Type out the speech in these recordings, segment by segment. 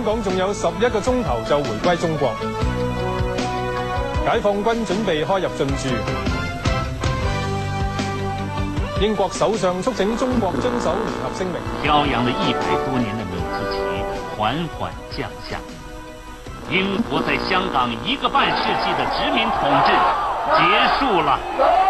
香港仲有十一個鐘頭就回歸中國，解放軍準備開入進駐。英國首相促請中國遵守聯合聲明。飄揚了一百多年的米字旗緩緩降下，英國在香港一個半世紀的殖民統治結束了。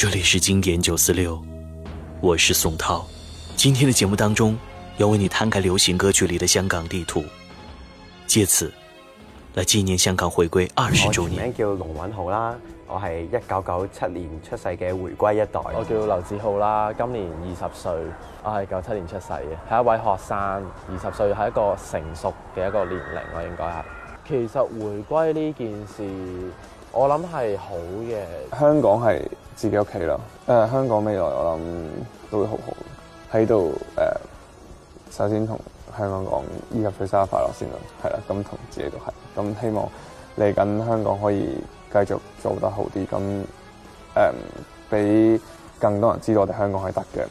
這裏是經典九四六，我是宋濤。今天的節目當中，要為你攤開流行歌曲裏的香港地圖，借此來紀念香港回歸二十周年。我名叫龍允浩啦，我係一九九七年出世嘅，回歸一代。我叫劉志浩啦，今年二十歲，我係九七年出世嘅，係一位學生，二十歲係一個成熟嘅一個年齡，我應該係。其實回歸呢件事，我諗係好嘅，香港係。自己屋企咯，誒香港未來我諗都會好好，喺度、誒、首先同香港講，二十歲生日快樂先啦，係啦，咁同自己都係，咁希望嚟緊香港可以繼續做得好啲，咁誒俾更多人知道我哋香港係得嘅。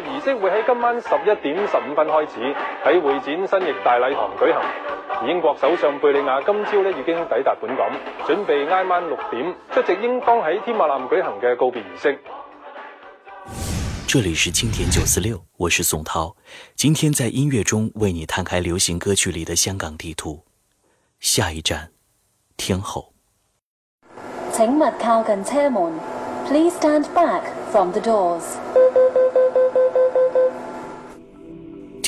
儀式會喺今晚十一點十五分開始，喺會展新翼大禮堂舉行。英國首相貝理雅今朝呢已經抵達本港，準備挨晚六點出席英方喺天馬南舉行嘅告別儀式。這裡是經典九四六，我是宋濤，今天在音樂中為你攤開流行歌曲裡的香港地圖。下一站，天后。請勿靠近車門。Please stand back from the doors.